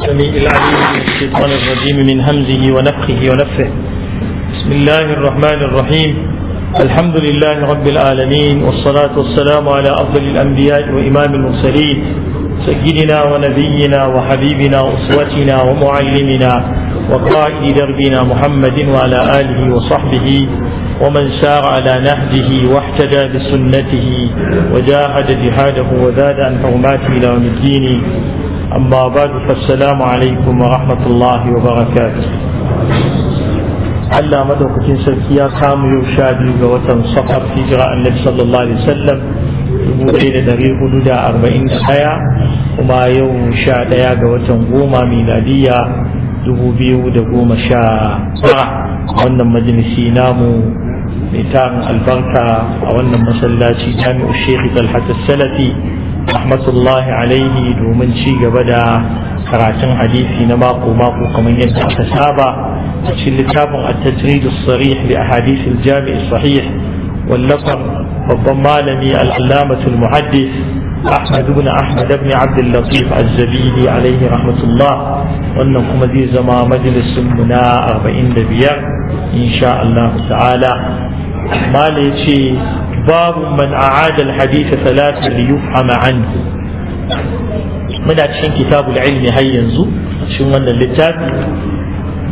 السميع العليم من الشيطان الرجيم من همزه ونفخه ونفه بسم الله الرحمن الرحيم الحمد لله رب العالمين والصلاة والسلام على أفضل الأنبياء وإمام المرسلين سيدنا ونبينا وحبيبنا وأسوتنا ومعلمنا وقائد دربنا محمد وعلى آله وصحبه ومن سار على نهجه واحتجى بسنته وجاهد جهاده وزاد عن حرماته إلى يوم الدين أما بعد فالسلام عليكم ورحمة الله وبركاته Allah madaukakin sarki ya samu yau sha biyu ga watan safar hijira annabi sallallahu alaihi wasallam dubu ɗaya da ɗari hudu da arba'in da ɗaya kuma yau sha ɗaya ga watan goma miladiyya dubu biyu da goma sha wannan majalisi namu mai tarin albarka a wannan masallaci jami'u shekhi talhat salafi rahmatullahi alaihi domin ci gaba da karatun hadisi na mako mako kamar yadda aka saba a cikin littafin at-tajrid as-sarih li ahadith al-jami' as-sahih wallafar babban malami al-allamatul muhaddis أحمد بن أحمد بن عبد اللطيف wannan kuma zai zama majalisun mu na 45 insha Allah ta'ala mala ya ce babu man a'ada al-hadith talata li yufhama muna cikin kitabu ilmi har yanzu cikin wannan littafi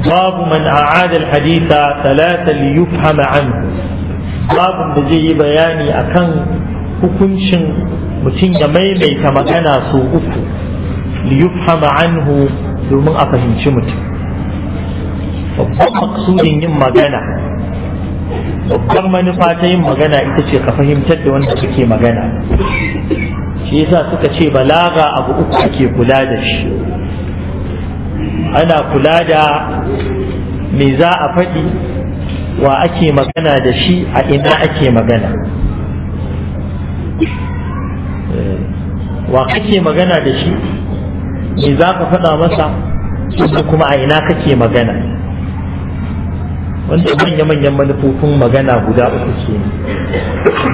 babu man a'ada al-hadith talata li yufhama babu da zai yi bayani akan hukuncin mutum ya maimaita magana su uku liyufhama anhu domin a fahimci mutum babban maksudin yin magana babbar manufa ta yin magana ita ce ka fahimtar da wanda suke magana shi yasa suka ce balaga abu uku ake kula da shi ana kula da me za a faɗi wa ake magana da shi a ina ake magana wa kake magana da shi me za ka faɗa masa da kuma a ina kake magana wanda manya-manyan manufofin magana guda uku ce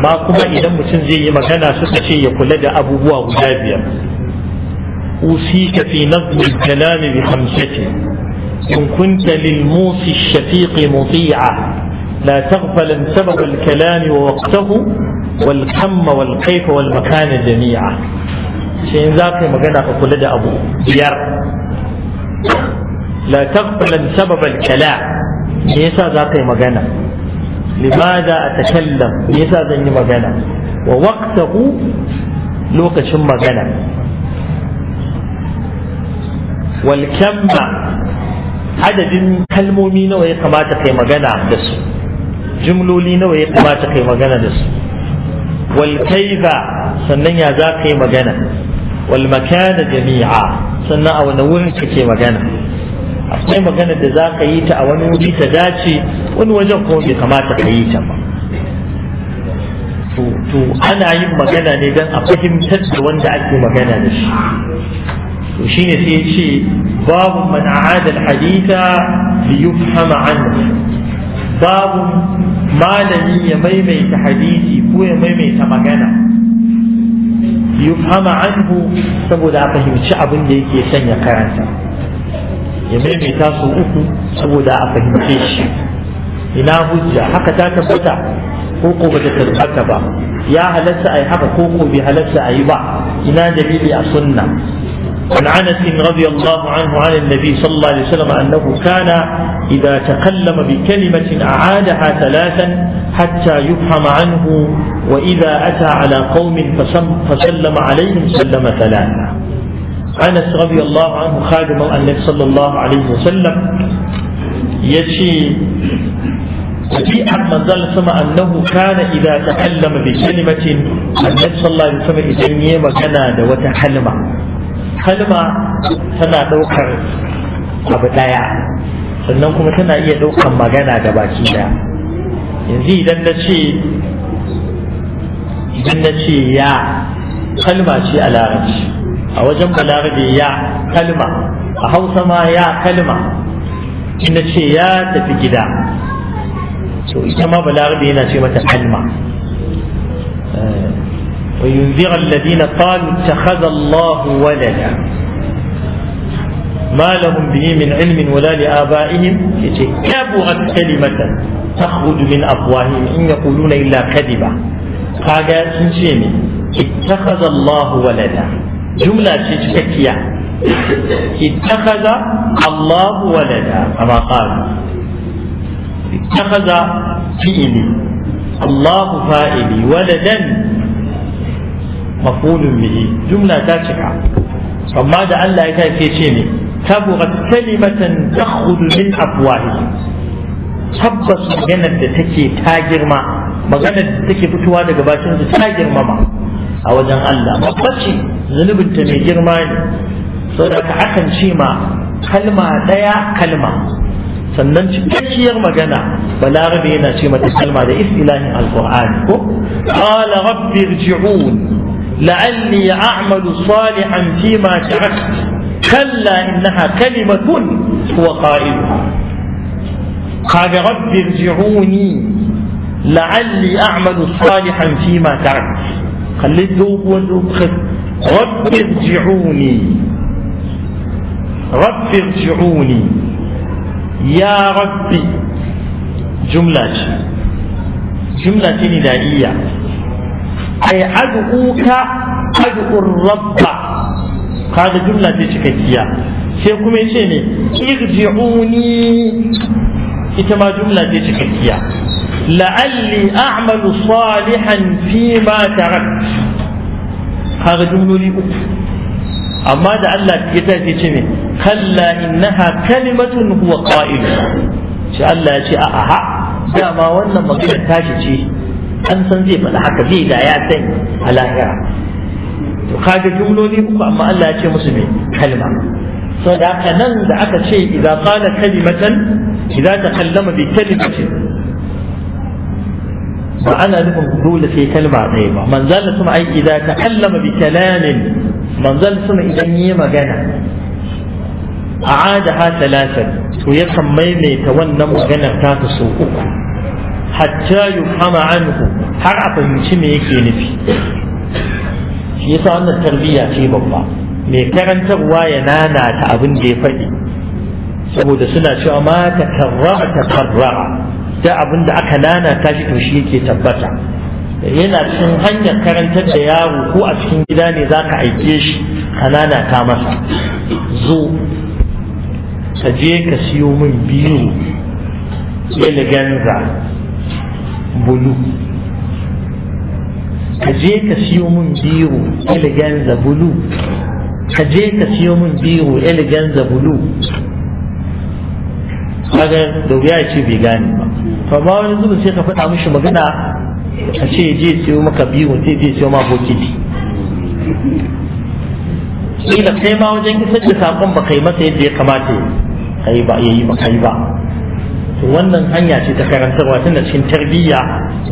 ba kuma idan mutum zai yi magana suka ce ya kula da abubuwa guda biyar أوصيك في نظم الكلام بخمسة إن كنت للموصي الشفيق مطيعا لا تغفلا سبب الكلام ووقته wal kamma wal kaifa wal makana jami'a shi in za ka magana ka kula da abu biyar la taqbalan sabab al kalam me yasa za ka yi yasa zan yi magana? Wa مجانا ووقته لوكش مجانا والكم adadin kalmomi nawa ya kamata kai magana da su jumloli nawa ya kamata kai magana da su wal kaiza sannan ya za yi magana wal jami'a sannan a wani wurin kake magana akwai magana da za ka yi ta a wani wuri ta dace wani wajen ko bai kamata ka yi ta ba to ana yin magana ne don a fahimtar da wanda ake magana da shi to shine babu man a'ada haditha li babu malami ya maimaita hadisi ko ya maimaita magana yufhama anhu saboda a fahimci abin da yake son ya karanta ya maimaita su uku saboda a fahimce shi ina hujja haka ta tabbata ko ko bata tabbata ba ya halatta ayi haka ko ko bai halatta ai ba ina dalili a sunna عن انس رضي الله عنه عن النبي صلى الله عليه وسلم انه كان إذا تكلم بكلمة أعادها ثلاثا حتى يفهم عنه وإذا أتى على قوم فسلم عليهم سلم ثلاثا أنس رضي الله عنه خادم النبي صلى الله عليه وسلم يشي في أحمد زال سمع أنه كان إذا تكلم بكلمة النبي صلى الله عليه وسلم إذن يما كان وتحلم حلمة تنا دوكر أبدايا sannan kuma tana iya ɗaukan magana da baki da yanzu idan na ce idan na ce ya kalma ce a larabci a wajen balarabe ya kalma a hausa ma ya kalma in na ce ya tafi gida to ita ma balarabe yana ce mata kalma وينذر الذين قالوا اتخذ الله ولدا ما لهم به من علم ولا لآبائهم كبرت كلمة تخرج من أفواههم إن يقولون إلا كذبا قال سنشيني اتخذ الله ولدا جملة تشككية اتخذ الله ولدا كما قال اتخذ فيني الله فائلي ولدا مفعول به جملة تشكى amma da Allah ya kai ce ne كبرت كلمة تخرج من أفواههم tabbas maganar da take ta girma maganar da take fitowa daga bakin su ta girmama a wajen Allah babbace zunubinta mai girma ne saboda akan ce ma kalma daya kalma sannan cikakkiyar magana balarabe yana ce mata kalma da istilahin alqur'ani ko qala rabbi irji'un la'alli a'malu salihan fima taraktu كلا إنها كلمة هو قائلها قال رب ارجعوني لعلي أعمل صالحا فيما تركت خليت دوب والأبخذ رب ارجعوني رب ارجعوني يا ربي جملة جملة ندائية أي أدعوك أدعو الرب kaga jumla ce cikakkiya sai kuma ya ce ne irji'uni ita ma jumla ce cikakkiya la'alli a'malu salihan fi ma tarakt kaga jumloli uku amma da Allah ya ta ce ne kalla innaha kalimatun huwa qa'il shi Allah ya ce a'a ha dama wannan magana tashi ce an san zai faɗi haka zai da ya sani a lahira to kaga jumloli uku amma Allah ya ce musu me kalma so da haka nan da aka ce idza qala kalimatan idza takallama bi kalimatin ba ana nufin dole sai kalma ɗaya ba manzal sun ai idza takallama bi kalamin manzal sun idan yi magana a to أعادها ثلاثا ويكم ta تونم وغنى تاك سوء حتى har a fahimci me yake nufi? shi yasa wannan tarbiyya ce babba mai karantarwa ya nana ta abin da ya faɗi saboda suna cewa ma ta karra ta karra da abin da aka nana ta shi to shi yake tabbata yana cikin hanyar karantar da yaro ko a cikin gida ne za ka aike shi ka nana ta masa zo ka je ka siyo min biyu eleganza bulu ka je ka siyo mun biro eleganza bulu ka je ka siyo mun biro eleganza bulu kaga da wuya ce bai gane ba to amma wani zuba sai ka faɗa mishi magana a ce je siyo maka biro sai je siyo ma bokiti kila kai ma wajen kisar da saƙon ba kai masa yadda ya kamata ya yi ba ya yi ba kai ba wannan hanya ce ta karantarwa tana cikin tarbiyya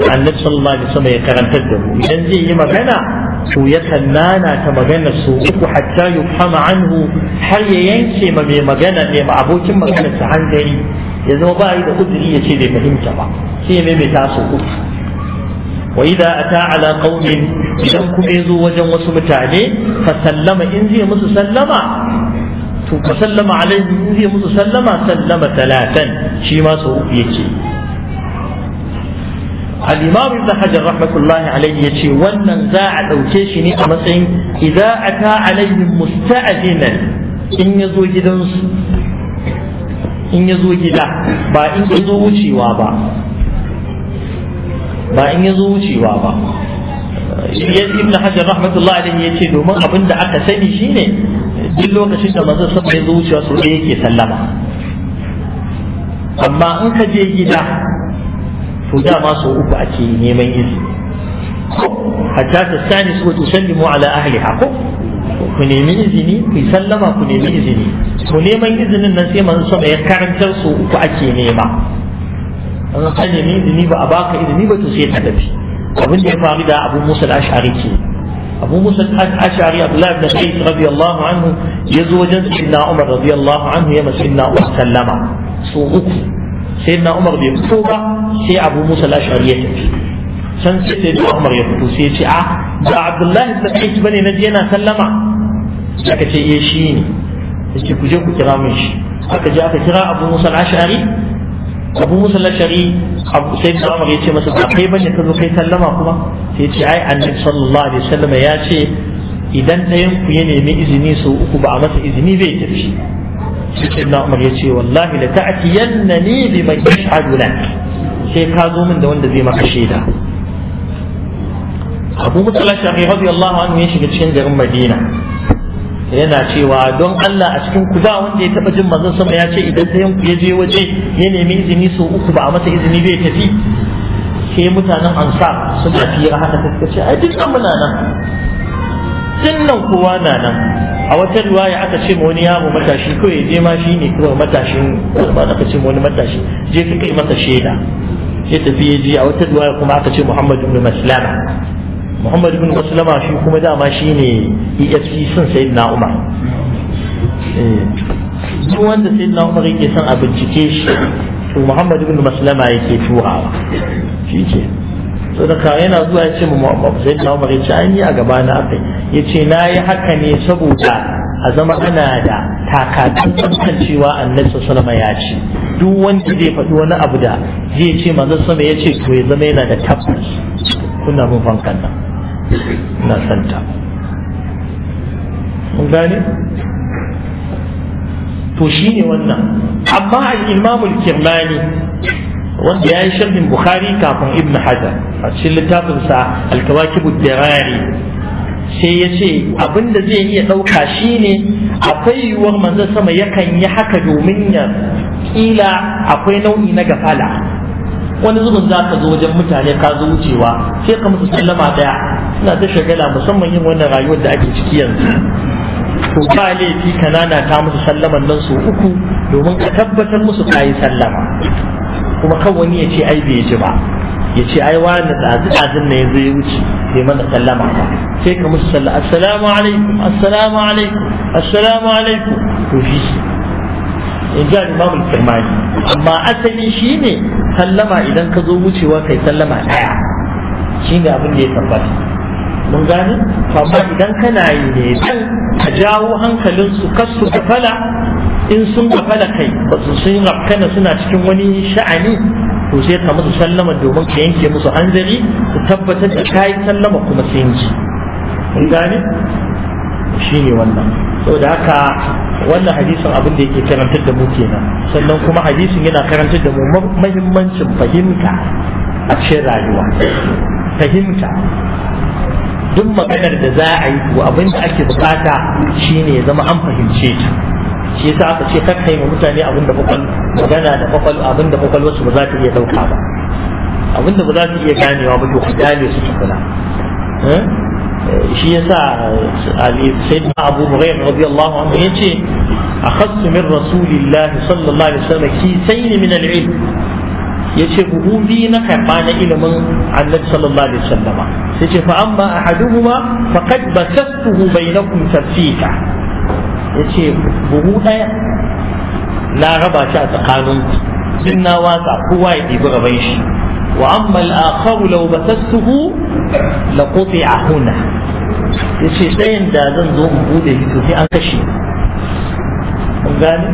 annabi sallallahu alaihi wasallam ya karantar da mu idan zai yi magana to ya kannana ta magana su uku hatta yufhama anhu har ya yanke ma mai magana ne ma abokin magana ta hankali ya zama ba da uzuri ya ce bai fahimta ba sai mai ta su uku wa idza ata ala qaumin idan kuma yazo wajen wasu mutane fa sallama in zai musu sallama to ka sallama alaihi in musu sallama sallama talatan shi ma su uku yake al-imam ibn hajar rahmatullahi alaihi yace wannan za a dauke shi ne a matsayin idza ata alaihim musta'jinan in yazo gidansu in yazo gida ba in yazo wucewa ba ba in yazo wucewa ba ibn hajar rahmatullahi alaihi yace domin abin da aka sani shine duk lokacin da manzon sama ya zo wucewa su ɗaya yake sallama amma in ka je gida to dama sau uku ake neman izini hatta ta sani su mu ala ahliha ko ku nemi izini ku sallama ku nemi izini to neman izinin nan sai manzo sama ya karantar su uku ake nema an ka nemi izini ba a baka izini ba to sai ta tafi abin da ya faru da abu musa al-ash'ari ke abu musa ashari abdullahi da kai radiyallahu anhu yazo wajen sayyidina umar radiyallahu anhu ya masu sayyidina umar sallama so uku sayyidina umar bai fito ba sai abu musa ashari ya tafi can sai sayyidina umar ya fito sai ya ce a ah, ba abdullahi da kai bane na je yana sallama aka ce eh shi ne yace ku je ku kira min shi aka je aka kira abu musa ashari abu musa lashari abu sai da amur ya ce masa ba kai bane ka zo kai sallama kuma sai ce ai annabi sallallahu alaihi wasallam ya ce idan ɗayan ku ya nemi izini sau uku ba a masa izini bai tafi sai na umar ya ce wallahi la ta'tiyanna ni bi man yashhadu lak sai ka zo min da wanda zai maka shaida abu musa lashari radiyallahu anhu ya shiga cikin garin madina yana cewa don Allah a cikin ku ba wanda ya taba jin manzon sama ya ce idan ɗayan ya je waje ya nemi izini sau uku ba a masa izini bai tafi ke mutanen ansar suna fiye haka ta ce ai dukkan muna nan dinnan kowa na nan a wata riwaya aka ce ma wani yaro matashi ko ya je ma shi ne kawai matashin ba aka ce ma wani matashi je ka kai masa shaida ya tafi ya je a wata riwaya kuma aka ce Muhammadu ibn Maslama muhammad ibn Maslama shi kuma dama shi ne efc sun sai na umar eh, duk wanda sai na umar yake son a bincike shi to muhammad ibn Maslama yake turawa shi ke so da ka yana zuwa ya ce mu sai na umar ya ce an yi a gaba na akai ya ce na yi haka ne saboda a zama ana da takatun kan cewa annabi sallama ya ce duk wanda zai faɗi wani abu da zai ce manzon sama ya ce to ya zama yana da tabbas kuna mun fankan nan na santa mun gane to shine wannan amma al-imam al-kirmani wanda ya yi sharhin bukhari kafin ibn hajar a cikin littafinsa alkawakibu dirari sai ya ce abinda zai iya ɗauka shine akwai yiwuwar manzo sama yakan yi haka domin ya ƙila akwai nau'i na gafala wani zubin za ka zo wajen mutane ka zo wucewa sai ka musu sallama daya suna ta shagala musamman yin wannan rayuwar da ake ciki yanzu to ba laifi kanana ta musu sallaman nan su uku domin ka tabbatar musu ka yi sallama kuma kan wani ya ce ai bai ji ba ya ce ai wani ɗazi-ɗazin na yanzu ya wuce bai mana sallama ba sai ka musu sallah assalamu alaikum assalamu alaikum assalamu alaikum to shi in ji al-imam al-kirmani amma asali shine sallama idan ka zo wucewa kai sallama ɗaya shi ne abin da ya tabbata mun gane amma idan kana yi ne dan ka jawo hankalin su kasu kafala in sun fala kai ba su sun rafkana suna cikin wani sha'ani to sai ka musu sallama domin ka yanke musu hanzari ku tabbatar da kayi sallama kuma sun mun gane shine wannan saboda haka wannan hadisin abin da yake karantar da mu kenan sannan kuma hadisin yana karantar da mu mahimmancin fahimta a cikin rayuwa fahimta duk maganar da za a yi ko abin da ake bukata shine ya zama an fahimce ta shi yasa aka ce kakkai ma mutane abin da kwakwal magana da kwakwal abin da kwakwal wasu ba za ta iya dauka ba abin da ba za ta iya ganewa ba to ku gane su tukuna eh? Eh, shi yasa eh, sayyidina abu hurairah radiyallahu anhu a akhadtu min rasulillahi sallallahu alaihi wasallam kisayn min al ya ce buhu biyu na karɓa na ilimin annabi sallallahu alaihi wasallama sai ce fa amma a fa ahaduhuma faqad bai na tafsika ya ce buhu ɗaya na raba shi a tsakaninku din na watsa kowa ya ɗibi rabai shi wa amma al-akharu law basastuhu la a huna ya ce ɗayan da zan zo in bude shi to an kashe mun gane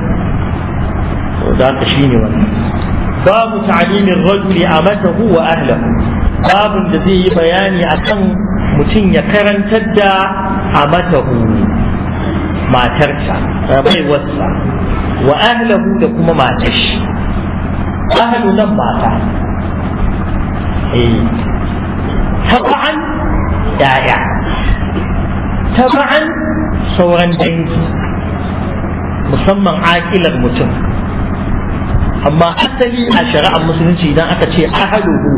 to da ka shine wannan babu ta'limin rajuli amatahu wa ahlahu babun da zai yi bayani akan mutum ya karantar da amatahu matarsa eh, baiwarsa wa ahlahu da kuma matashi ahlu nan mata eh taba'an ya'ya taba'an sauran dangi musamman aƙilar mutum amma asali a shari'ar musulunci idan aka ce ahaduhu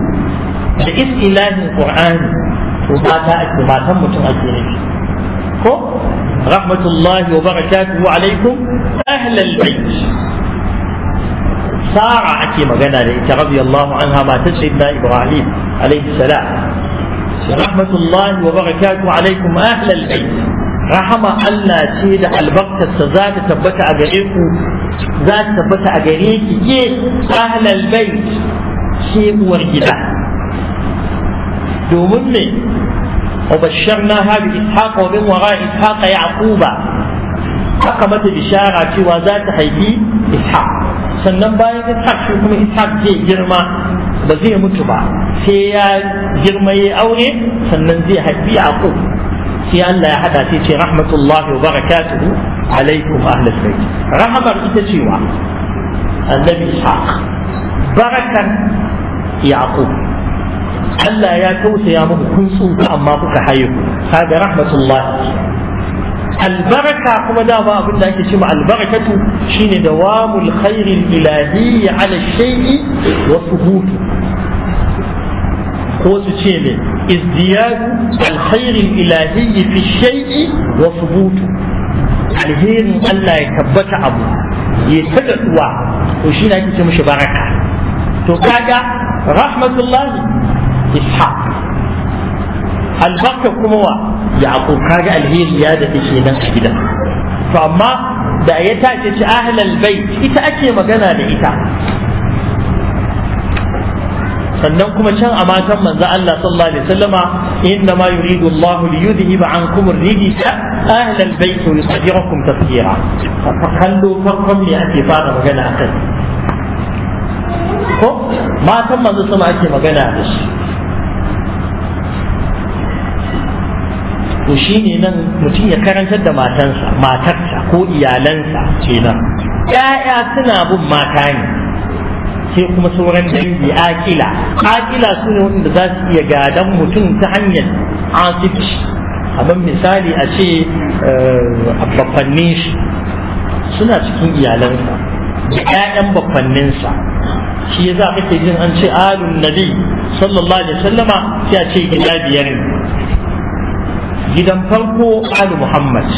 da istilahin qur'ani to mata ake matan mutum ake nufi ko rahmatullahi wa barakatuhu alaikum ahlal bait sara ake magana da ita radiyallahu anha matar sayyidina ibrahim alaihi salam rahmatullahi wa barakatuhu alaikum ahlal bait rahama Allah ce da albarkarsa za ta tabbata a gare ku za ta tabbata a gare ki ke ahlal bait ke uwar gida domin ne wara بإسحاق ومن وراء إسحاق يعقوب أقمت za ta haifi Ishaq. sannan bayan ta shi kuma ishaq zai girma ba zai mutu ba sai ya girma ya aure sannan zai haifi yaqub sai Allah ya hada sai ce rahmatullahi wa barakatuhu عليكم أهل البيت رغبة تسيوا النبي إسحاق بركة يعقوب ألا يا كوس يا مم كن صوت أما بك هذا رحمة الله البركة كما دابا أقول لك شمع البركة شين دوام الخير الإلهي على الشيء وثبوته قوس شيني ازدياد الخير الإلهي في الشيء وثبوته alherin Allah ya tabbata abu ya taɗa tsuwa to shi na ce mishi baraka to kaga rahmatullahi ishaq albarka kuma wa yaqub kaga alheri ya da take nan a gidan to amma da ya tace ci ahlal bait ita ake magana da ita sannan kuma can a matan manzo Allah sallallahu alaihi wasallama inna ma yuridu Allah li yudhhiba ankum ar-rijsa ahla al-bayt wa yusahhirakum tatheera fa kallo farkon ne ake fara magana akan ko matan manzo sama ake magana da shi to shine nan mutum ya karantar da matansa matarsa ko iyalansa kenan ya'ya suna bin mata ne sai kuma sauran dangi akila akila su ne wanda za su iya gadan mutum ta hanyar asibci amma misali a ce babbannin eh, shi suna cikin iyalansa da 'ya'yan babbanninsa shi ya za kake jin an ce alun nabi sallallahu alaihi wasallama sai a ce gida biyar ne gidan farko alu muhammad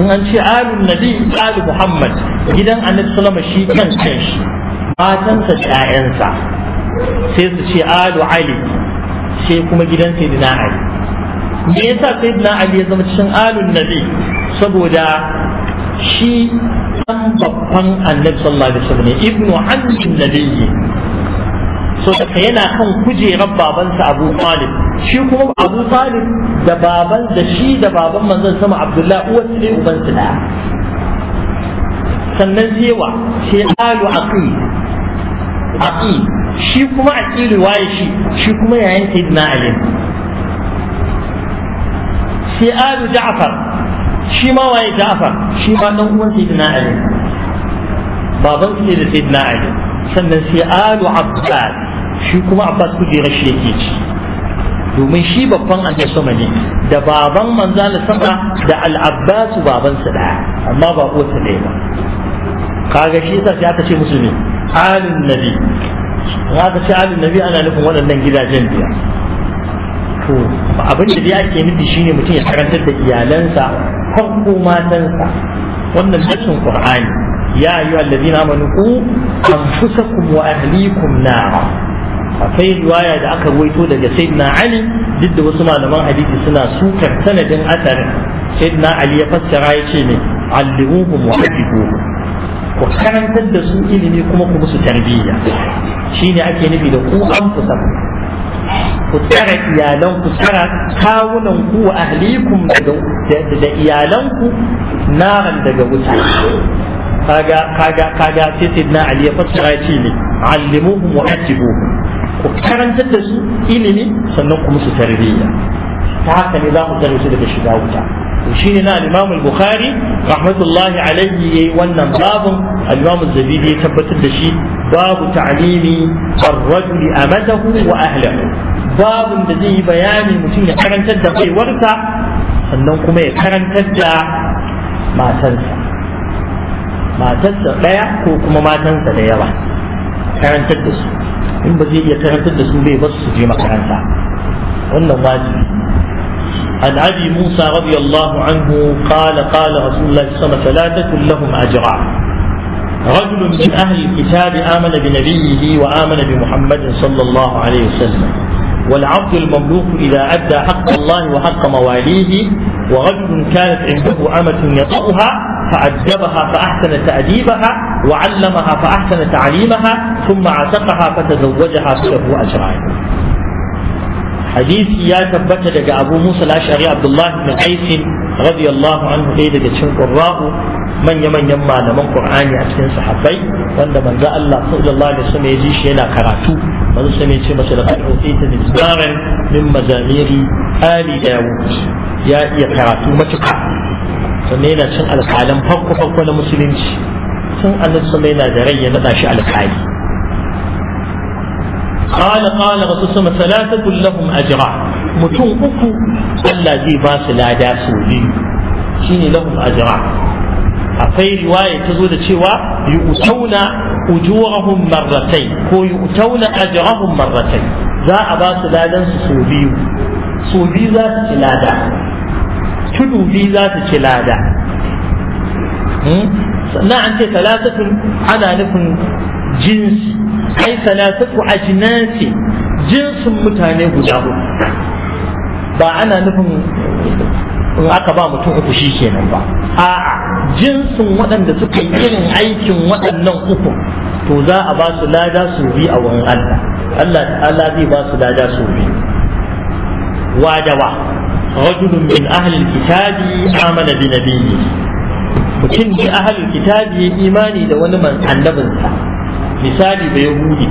in an ce alun nabi alu muhammad gidan annabi sallama shi kan kan shi matansa da 'ya'yansa sai su ce alu ali sai kuma gidan sayyidina ali me yasa sayyidina ali ya zama cikin alun nabi saboda shi dan babban annabi sallallahu alaihi wasallam ibnu ammin nabiyyi so daga yana kan kujerar babansa abu talib shi kuma abu talib da baban da shi da baban manzon sama abdullahi uwa ne ubansa da sannan zewa sai alu aqil aqil shi kuma a aqil riwaya shi shi kuma yayin sayyidina ali sai alu ja'far shi ma waye ja'far shi ma dan uwan sayyidina ali baban sai da sayyidina ali sannan sai alu abbas shi kuma abbas kujerar rashi yake ci domin shi babban an sama ne da baban manzala sama da al'abbasu babansa daya amma ba uwarsa ɗaya ba kaga shi yasa sai aka ce musulmi alin nabi ya ka ce nabi ana nufin waɗannan gidajen jiya. to abin da ya ke nufi shine mutum ya karantar da iyalansa farko matansa wannan nassin qur'ani ya ayyuha allazina amanu qu anfusakum wa ahlikum nara akwai riwaya da aka waito daga sayyidina ali duk da wasu malaman hadisi suna sukar sanadin asarin sayyidina ali ya fassara ya ce ne allimuhum wa hadibuhum ku karantar da su ilimi kuma ku musu tarbiyya shine ake nufi da ku an fusa ku tsara iyalanku tsara kawunan ku wa ahlikum da iyalanku naran daga wuta kaga kaga kaga sai sidna ali ya fassara shi ne allimuhum wa ku karantar da su ilimi sannan ku musu tarbiyya ta haka ne za ku tsare su daga shiga wuta shine na al-Imam al-Bukhari rahmatullahi alayhi yayi wannan babun al-Imam ya tabbatar da shi babu ta'limi ar-rajul amatahu wa ahlihi babun da zai yi bayani mutum ya karantar da baiwarsa sannan kuma ya karantar da matarsa matarsa daya ko kuma matansa da yawa karantar da su in ba zai iya da su bai ba su je makaranta wannan wajibi عن أبي موسى رضي الله عنه قال قال رسول الله صلى الله عليه وسلم لا تكن لهم أجرا رجل من أهل الكتاب آمن بنبيه وآمن بمحمد صلى الله عليه وسلم والعبد المملوك إذا أدى حق الله وحق مواليه ورجل كانت عنده أمة يطؤها فأدبها فأحسن تأديبها وعلمها فأحسن تعليمها ثم عتقها فتزوجها فله أجران hadisi ya tabbata daga abu musa lashari abdullahi bin aisin radiyallahu anhu ɗaya daga cikin manya-manyan malaman qur'ani a cikin sahabbai wanda manzo Allah sallallahu alaihi wasallam ya ji shi yana karatu manzo sai ya ce masa da min mazamiri ali dawud ya iya karatu matuka sannan yana cin alƙalan farko farko na musulunci tun annabi sallallahu alaihi wasallam yana da rai ya nada shi alƙali قال قال رسول الله ثلاثة لهم أجران mutum uku Allah zai ba su lada su biyu shine lahum ajra akwai riwaya ta zo da cewa yu'tauna ujurahum marratayn ko yu'tauna ajrahum marratayn za a ba su ladan su su biyu za su ci lada tudu biyu za su ce ana nufin jinsi ai salasatu ajnasi jinsin mutane guda uku ba ana nufin in aka ba mutum uku shi kenan ba a'a jinsin waɗanda suka yi irin aikin waɗannan uku to za a ba su lada su bi a wurin Allah Allah ta'ala zai ba su lada su bi wa da wa rajulun min ahli kitabi amana bi nabiyyi mutum ne ahli kitabi ya imani da wani annabinsa misali bai yahudi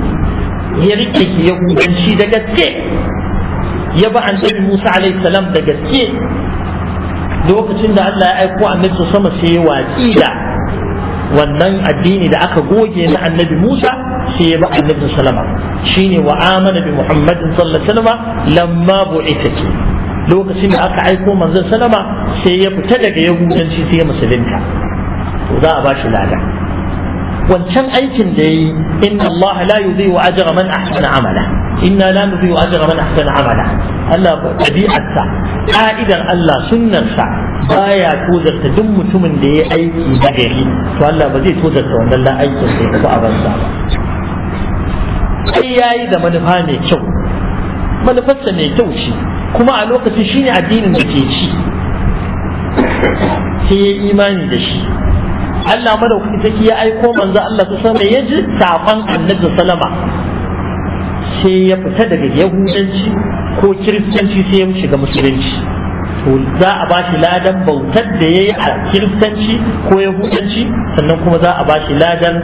ya rike ki yahudanci da gaske ya ba annabi Musa alaihi salam da gaske lokacin da Allah ya aiko annabi sama sai ya watsi da wannan addini da aka goge na annabi Musa sai ya ba annabi sallama shine wa amana bi Muhammadin sallallahu alaihi wasallam lamma bu'ita lokacin da aka aiko manzon sallama sai ya fita daga yahudanci sai ya musulunta to za a ba shi lada wancan aikin da yayi inna Allah la yudhi'u ajra man ahsana amala inna la nudhi'u ajra man ahsana amala Allah tabi'arsa ka'idar Allah sunnarsa baya tozarta duk mutumin da ya aiki da gari to Allah ba zai tozarta wannan la aikin da ya a banza ba sai yayi da manufa mai kyau manufarsa mai kyau ce kuma a lokacin shine addinin da ke ci sai ya imani da shi Allah madaukaki take ya aiko manzo Allah ta sama ya ji safan annabi Salama sai ya fita daga yahudanci ko kiristanci sai ya shiga musulunci to za a ba shi ladan bautar da yayi a kiristanci ko yahudanci sannan kuma za a ba shi ladan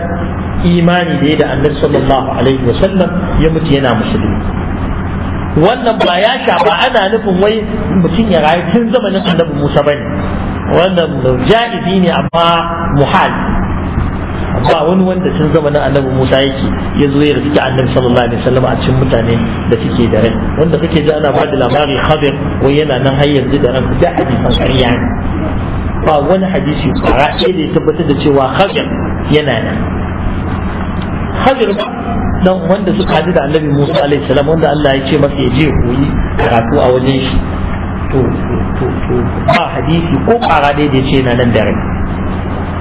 imani da ya da annabi sallallahu alaihi wa ya mutu yana musulmi wannan ba ya shafa ana nufin wai mutum ya rayu tun zamanin annabi Musa bane wannan ja'izi ne amma muhal ba wani wanda sun zama na annabi Musa yake ya zo ya rafiki annabi sallallahu alaihi wasallam a cikin mutane da suke da rai wanda suke ji ana ba da labari khabir wai yana nan har yanzu da ran da hadisan ƙarya ne ba wani hadisi ƙara sai da ya tabbatar da cewa khabir yana nan khabir dan wanda suka hadu da annabi Musa alaihi salam wanda Allah ya ce masa ya je koyi karatu a wajen shi to to to ba hadisi ko ƙara ɗaya da ce na nan da rai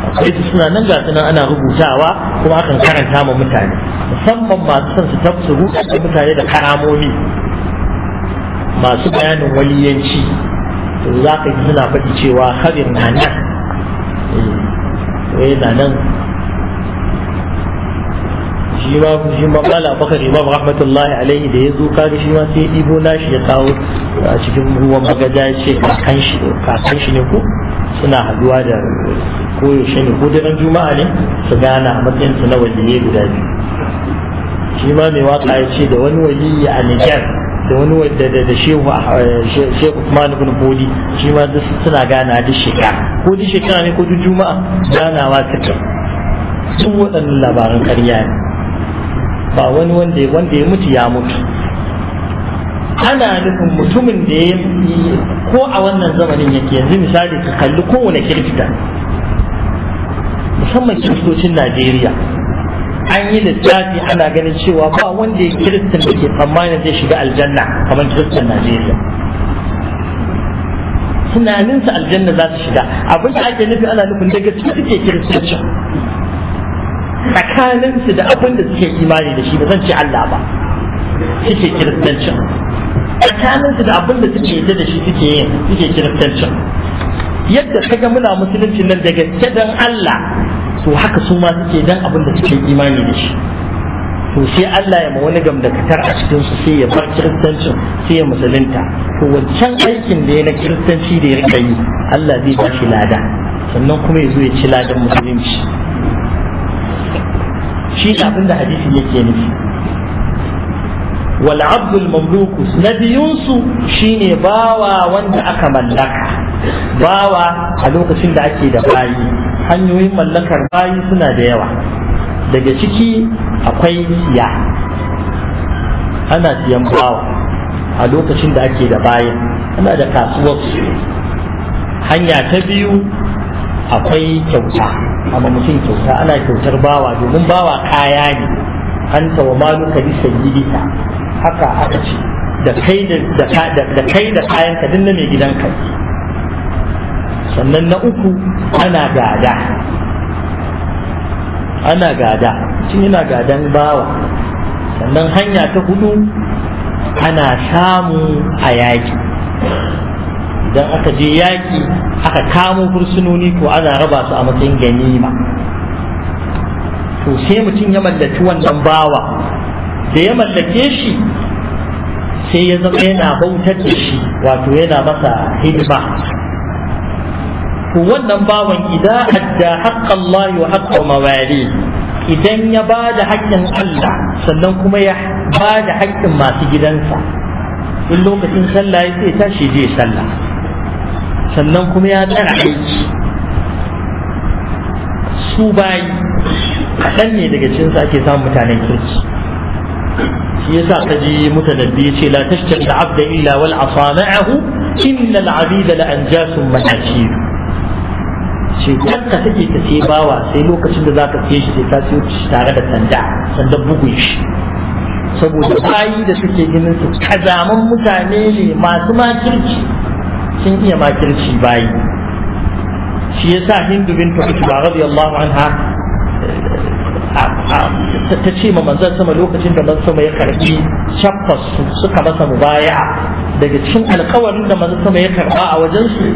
akwai su suna nan gasu nan ana rubutawa kuma akan karanta ma mutane musamman masu son su tafsu mutane da karamomi masu bayanin waliyanci to za ka ji suna faɗi cewa harin na nan eh, yana nan shi ma shi ma mala bakar imam rahmatullahi alaihi da yazo zo kaga shi ma sai ibo nashi ya kawo a cikin ruwan magaja ya ce kakan shi kakan shi ne ko suna haduwa da shi ne ko daren juma'a ne su gana a matsayin su na ne guda biyu shi ma mai waka ya ce da wani waliyi a Niger da wani wadda da eh, shehu shehu Usman ibn Bodi shi ma duk suna gana duk shekara ko duk shekara ne ko duk juma'a ganawa ta duk waɗannan labaran ƙarya ne ba wani wanda wanda ya mutu ya mutu ana nufin mutumin da ya ko a wannan zamanin yake yanzu misali ka kalli kowane kirkita musamman kiristocin najeriya an yi lissafi ana ganin cewa ba wanda ya kiristan da ke tsammanin zai shiga aljanna kamar kiristan najeriya tunaninsa aljanna za su shiga abin da ake nufi ana nufin daga cikin suke kiristocin tsakaninsu da abin da suke imani da shi ba zan ce Allah ba suke kiristancin tsakaninsu da abin da suke yi da shi suke yin suke kiristancin yadda ka ga muna musulunci nan daga gaske Allah to haka su ma suke dan abin da suke imani da shi to sai Allah ya ma wani gamdakatar a cikin su sai ya bar kiristancin sai ya musulunta to wancan aikin da ya na kiristanci da ya rika yi Allah zai ba shi lada sannan kuma ya zo ya ci ladan musulunci shi abin da hadisi yake nufi wal abdul mamluku na biyunsu shine bawa wanda aka mallaka bawa a lokacin da ake da bayi hanyoyin mallakar bayi suna da yawa daga ciki akwai siya ana siyan bawa a lokacin da ake da bayan ana da kasuwar hanya ta biyu akwai kyauta amma mutum kyauta ana kyautar bawa domin bawa kaya ne anta wa maluka li sayyidika haka aka ce da kai da da kai da kayan ka dinna mai gidan sannan na uku ana gada ana gada mutum yana gadan bawa sannan hanya ta hudu ana samu a yaki. idan aka je yaƙi aka kamo fursunoni to ana raba su a matsayin ganima to sai mutum ya mallaki wannan bawa da ya mallake shi sai ya zama yana bautar da shi wato yana masa hidima to wannan bawan idan adda haƙƙallahi wa haƙƙa mawari idan ya ba da haƙƙin Allah sannan kuma ya ba da haƙƙin masu gidansa in lokacin sallah ya ce tashi je sallah sannan kuma ya tsara aiki su bayi kaɗan ne daga cikinsu ake samun mutanen kirki shi yasa ka ji mutanabbi ya ce la tashtar da abda illa wal asa inna al'abida la an jasun matakiru ce kanka take ta sai bawa sai lokacin da za ka siye shi sai ta siyo shi tare da sanda sanda bugun shi saboda bayi da suke ginin su kazaman mutane ne masu makirci sun iya makirci bayi shi yasa hindu bin tuba radiyallahu anha ta ce ma manzon sama lokacin da manzon sama ya karbi shaffar su suka masa mubaya daga cikin alkawarin da manzon sama ya karba a wajensu. su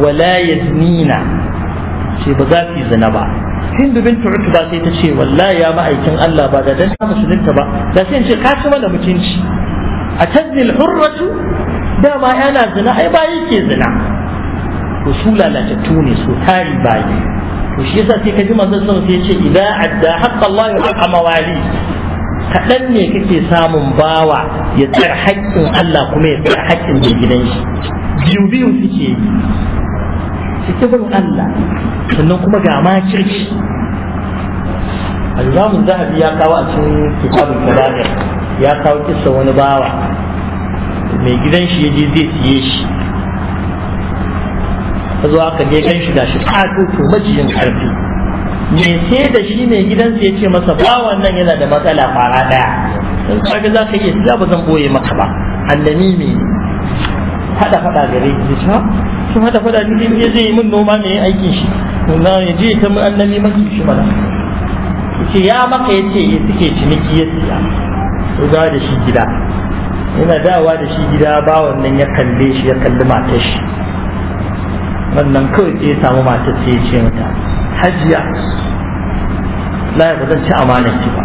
wala yaznina ce ba za su zina ba hindu bin ba sai ta ce wallahi ya ma'aikin Allah ba da dan ta musulunta ba da sai ce ka ci mana mutunci a tazil hurratu dama yana zina ai bayi ke zina to su lalatattu ne su tari bayi to shi yasa sai ka ji manzon sun sai ce idan adda haqqallahi wa haqqa mawali kaɗan ne kake samun bawa ya tsar haƙƙin Allah kuma ya tsar haƙƙin mai gidan shi biyu biyu suke yi suke bin Allah sannan kuma ga ma kirki al zahabi ya kawo a cikin kitabul kaba'ir ya kawo kisa wani bawa mai gidan shi yaje zai siye shi ka zo aka je gan shi gashi katoto majiyin karfi Me sai da shi mai gidan ya ce masa ba wannan yana da matsala fara daya in kaga za ka iya siya ba zan boye maka ba annami ne hada fada gare ki ta sun hada fada ni ne zai yi min noma mai aikin shi na ya je ta mun annami maki shi mana ce ya maka ya ce suke ciniki ya siya ya da shi gida yana dawa da shi gida ba wannan ya kalle shi ya kalli matar shi wannan kawai sai ya samu matar sai ya ce mata hajiya na ba zan ci amanar ki ba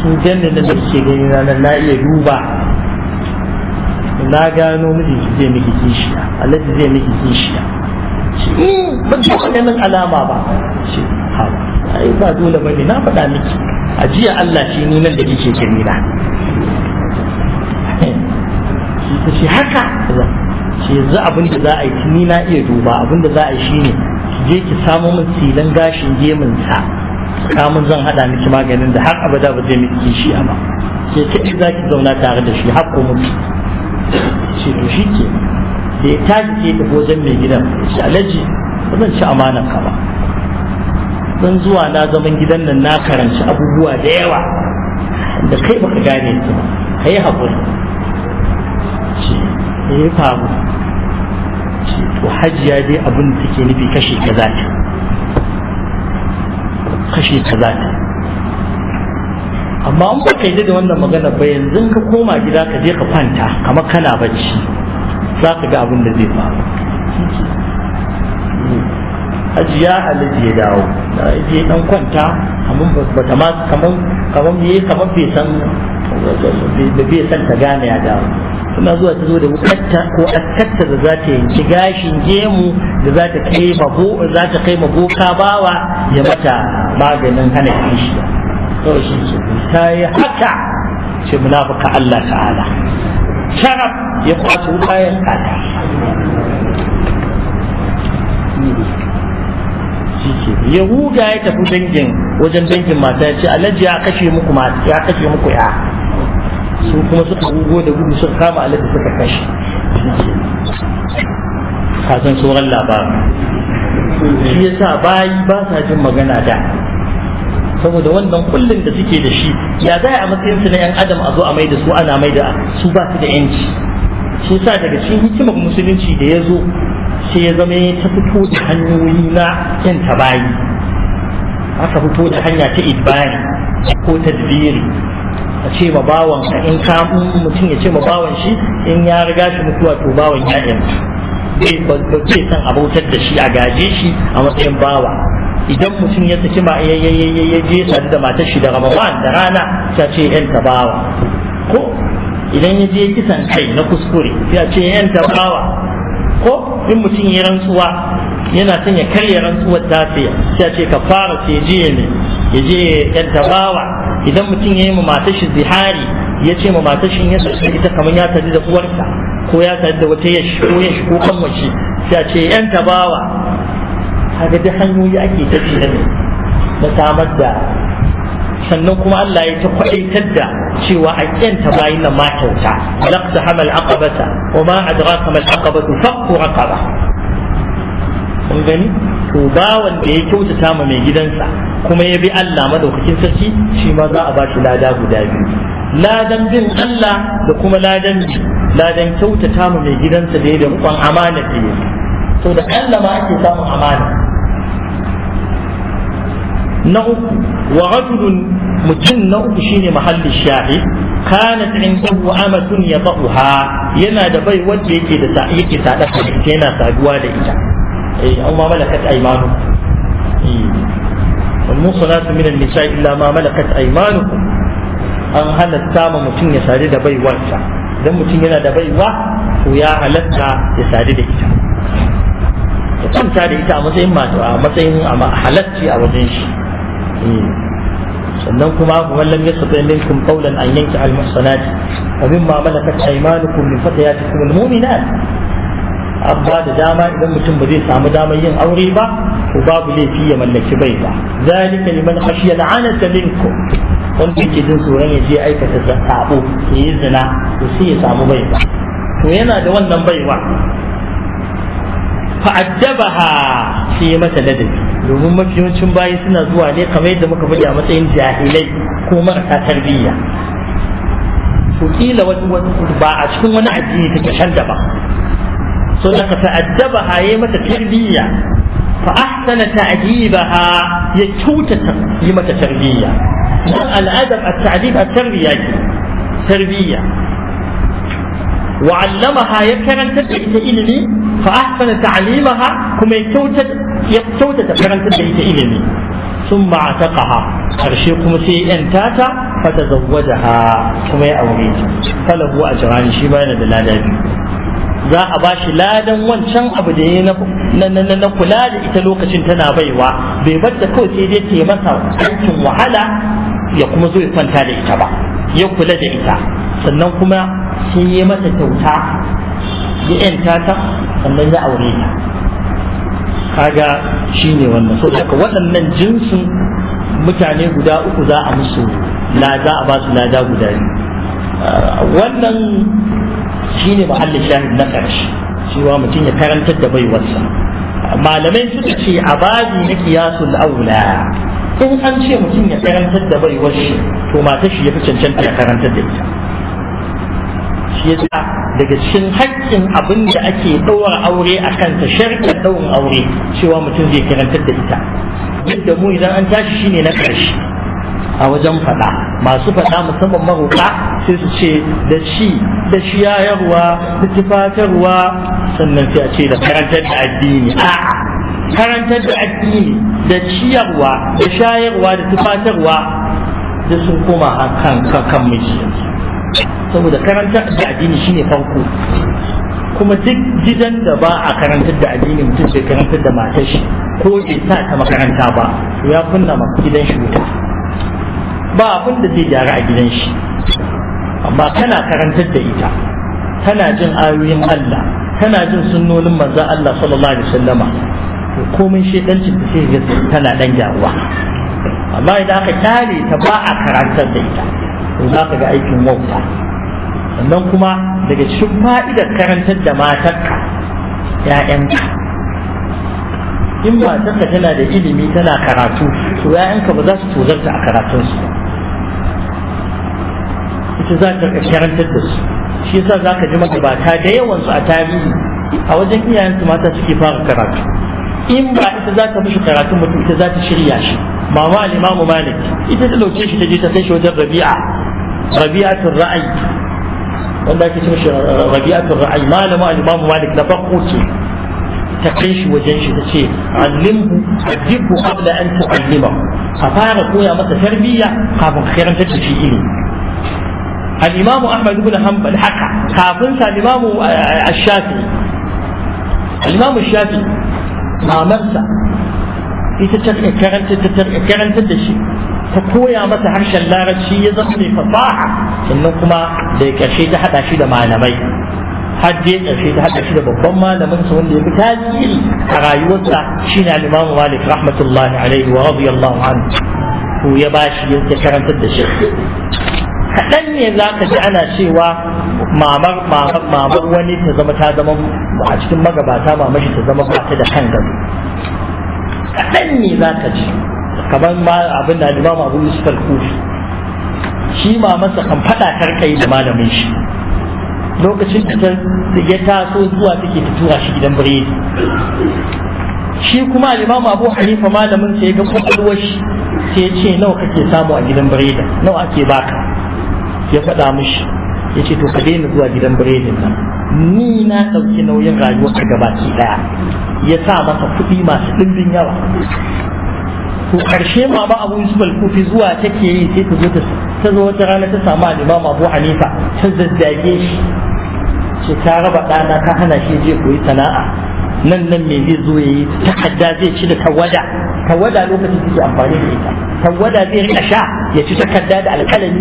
su jannin da suke gani nan na iya duba na gano miji zai miki kishiya alaji zai miki kishiya eh, ba ta ganin alama ba shi ha yi ba dole bane na faɗa miki a jiya Allah shi ni nan da kike gani na ta ce haka ce yanzu abin za a yi ni na iya duba abin za a yi shine ki je ki samo min silin gashin gemin sa kamun zan hada miki maganin da har abada ba zai miki shi ba ke za ki zauna tare da shi har ko mutu ce to shi ke da ya tashi ke da gozon mai gidan shi alaji ba zan ci amanar ka ba Dan zuwa na zaman gidan nan na karanci abubuwa da yawa da kai baka gane su ba kai haƙuri da ya faru to hajiya dai abin da take nufi kashe kaza ta kashe kaza ta amma an baka yi da wannan magana ba yanzu ka koma gida ka je ka kwanta kamar kana bacci za ka ga abin da zai faru ya halittu ya dawo na je dan kwanta kamar ba ta ma kamar kamar me kamar bai san bai san ta gane ya dawo suna zuwa ta zo da wukatta ko askatta da za ta yanki gashin gemu da za ta kai mabo za ta kai maboka bawa ya mata maganin hana kishi to shi ce ta yi haka ce munafika Allah ta'ala sharaf ya kwato bayan kata ya huga ya tafi dangin wajen dangin mata ya ce alhaji ya kashe muku ya kashe muku ya su kuma suka gugo da gudu suka kama alade suka kashe ka san labarin shi ya sa bayi ba sa jin magana da saboda wannan kullum da suke da shi ya za a matsayin su na yan adam a zo a mai da su ana mai da su ba su da yanci Su sa daga cikin hikimar musulunci da ya zo sai ya zama ta fito da hanyoyi na yan tabayi aka fito da hanya ta idbani ko tadbiri a ce ma bawan in ka mutum ya ce ma bawan shi in ya riga shi mutuwa to bawan ya yanzu bai san abautar da shi a gaje shi a matsayin bawa idan mutum ya saki ma ya je sadu da matar shi da ramadan da rana ta ce yan bawa. ko idan ya je kisan kai na kuskure ya ce yan bawa. ko in mutum ya rantsuwa yana son ya karya rantsuwar tafiya ya ce ka fara ce je ne ya je yan tabawa idan mutum ya yi ma matar shi zihari ya ce ma matar shi ya sosai ita kamar ya tare da uwarta ko ya tare da wata yashi ko yashi ko kan mace sai a ce yan tabawa kaga duk hanyoyi ake ta ce ne na samar da sannan kuma Allah ya ta kwaitar da cewa a kyanta bayin nan ma kyauta laqta hamal aqabata wa ma adraka mal aqabatu faqu aqaba kun gani to bawan da ya kyautata ma mai gidansa kuma ya bi Allah madaukakin sarki shi ma za a ba shi lada guda biyu ladan bin Allah da kuma ladan ladan kyautata mu mai gidansa da ya da rukun amana da ya to da Allah ma ake samun amana na uku wa rajulun mutum na uku shine mahalli shahi kanat indahu amatun yadhuha yana da bai wanda yake da yake sadaka yana saduwa da ita eh amma malakat aymanu al-muhsanatu minan nisa illa ma malakat aymanukum an halatta ma mutum ya sadu da baiwarsa dan mutum yana da baiwa ko ya halatta ya sadu da ita ya kwanta da ita a matsayin a matsayin halacci a wajen shi sannan kuma ku wallan ya sabai minkum qawlan an yanki al-muhsanati wa mimma malakat aymanukum min fatayatikum al-mu'minat amma da dama idan mutum ba zai samu damar yin aure ba ko babu laifi ya mallaki bai ba zalika liman khashiya la'anata minkum wanda yake jin tsoron ya je aikata sabo ya yi zina to sai ya samu bai ba to yana da wannan baiwa fa'addabaha sai ya mata ladabi domin mafi yawancin bayi suna zuwa ne kamar yadda muka faɗi a matsayin jahilai ko marasa tarbiyya to kila wani ba a cikin wani addini take shanda ba so daga ta'addabaha yayi mata tarbiyya fa ahsana ta'dibaha ya التعذيب yi mata tarbiyya dan al'adab at-ta'dib at-tarbiyya وعلمها يكرن تدعي إلمي فأحسن تعليمها كما يكوتت يكوتت كرن تدعي إلمي ثم اعتقها أرشيكم سي أنتاتا فتزوجها كما يأوريت فله أجران شبان دلالة za a ba shi ladan wancan abu da ya na kula da ita lokacin tana baiwa bai bar da kawai sai dai ke masa aikin wahala ya kuma zo ya kwanta da ita ba ya kula da ita sannan kuma sun yi mata kyauta ya yanta ta sannan ya aure ta kaga shine wannan so daga waɗannan jinsin mutane guda uku za a musu lada a ba su lada guda biyu wannan shine mahallin shahid na karshe cewa mutum ya karantar da baiwarsa malamai suka ce a babi na kiyasu aula in an ce mutum ya karantar da baiwar shi to matar shi ya fi cancanta ya karantar da ita shi yasa daga cikin haƙƙin abin da ake ɗaura aure a kansa sharkar ɗaurin aure cewa mutum zai karantar da ita duk da mu idan an tashi shine na ƙarshe a wajen faɗa masu faɗa musamman maruka sai su ce da shi da shiyayarwa da tufatarwa sannan sai a ce da karantar da addini a karantar da addini da ciyarwa da shayarwa da tufatarwa da sun koma kan kan miji saboda karantar da addini shine farko kuma duk gidan da ba a karantar da addini mutum sai karantar da matar shi ko bai sa ta makaranta ba ya kunna ma gidan shi wuta ba abin da zai gyara a gidan shi amma kana karantar da ita tana jin ayoyin Allah tana jin sunnonin manzon Allah sallallahu alaihi wasallama to komai dan da sai ga tana dan gyaruwa amma idan aka kyale ta ba a karantar da ita to za ka ga aikin wauta sannan kuma daga cikin fa'idar karantar da matarka ‘ya'yanka in matarka tana da ilimi tana karatu to ‘ya'yanka ba za su tozarta a karatunsu ba ita za ta karantar da su shi yasa za ka ji magabata da yawansu a tarihi a wajen iyayensu mata suke fara karatu in ba ita za ta mishi karatun mutum ita za ta shirya shi mama al-imamu malik ita ta dauke shi ta je ta kai shi wajen rabi'a rabi'atul ra'ayi wanda ake cin shi eh, eh, rabi'atul ra'ayi malama al-imamu malik na farko ce ta kai shi wajen shi ta ce allimhu adibbu qabla an tu'allimahu a fara koya masa tarbiyya kafin karantar da shi ilimi الإمام أحمد بن حنبل حقا كافنسا الإمام آه، الشافعي الإمام الشافعي ما مرسى كغن تدشي فكو يا مسا حرش اللاغة شي يزمني فصاحة إنكما ديك أشي تحت أشي دا معنا مي حديث أشي تحت أشي دا ببما لمن سوين ديك تازيل شين الإمام مالك رحمة الله عليه ورضي الله عنه ويا يباشي يزمني كغن تدشي kaɗan ne za ka ji ana cewa mamar mamar mamar wani ta zama ta zama a cikin magabata mamar shi ta zama ba ta da kan gado kaɗan ne za ka ji kamar ma abin da alimam abu yusuf al shi mamarsa kan faɗa tarkai da malamin shi lokacin da ya taso zuwa take ta tura shi gidan biredi shi kuma alimamu abu hanifa malamin ya ga kwakwalwar shi sai ce nawa kake samu a gidan biredi nawa ake baka ya faɗa mishi ya ce to ka daina zuwa gidan biredin nan ni na ɗauki nauyin rayuwar ka gabaki ɗaya ya sa masa kuɗi masu ɗimbin yawa to ƙarshe ma ba abu yusuf al zuwa take yi sai ta zo ta ta zo wata rana ta samu al abu hanifa ta zazzage shi ce ta raba ɗana ka hana shi je koyi sana'a nan nan me zai zo yayi takadda zai ci da tawada tawada lokacin da yake amfani da ita tawada zai riƙa sha ya ci takadda da alƙalami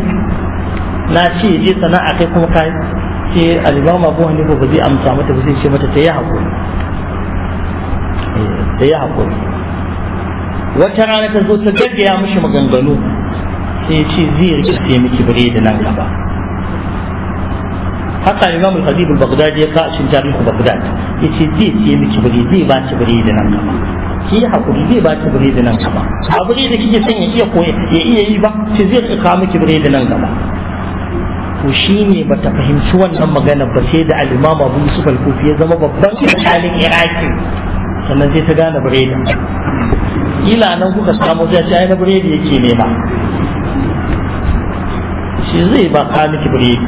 na ce je sana'a kai kuma kai ce alimama abu wani ba zai amsa mata ba zai ce mata ta yi haƙuri eh, ta yi haƙuri wata rana ta zo ta gaggaya mishi maganganu sai ya ce zai rike sai miki bare da nan gaba haka imam al-habib al-baghdadi ya ka shin tarihi baghdad ya ce zai ce miki bare zai ba ki bare da nan gaba ki yi zai ba ki bare da nan gaba a bare da kike son ya iya koya ya iya yi ba sai zai ka miki bare da nan gaba to ba bata fahimci wannan magana ba sai da al Abu Yusuf al-Kufi ya zama babban alƙalin Iraki sannan sai ta gane Bureda ila nan kuka samu ta ce na Bureda yake nema shi zai ba ka miki Bureda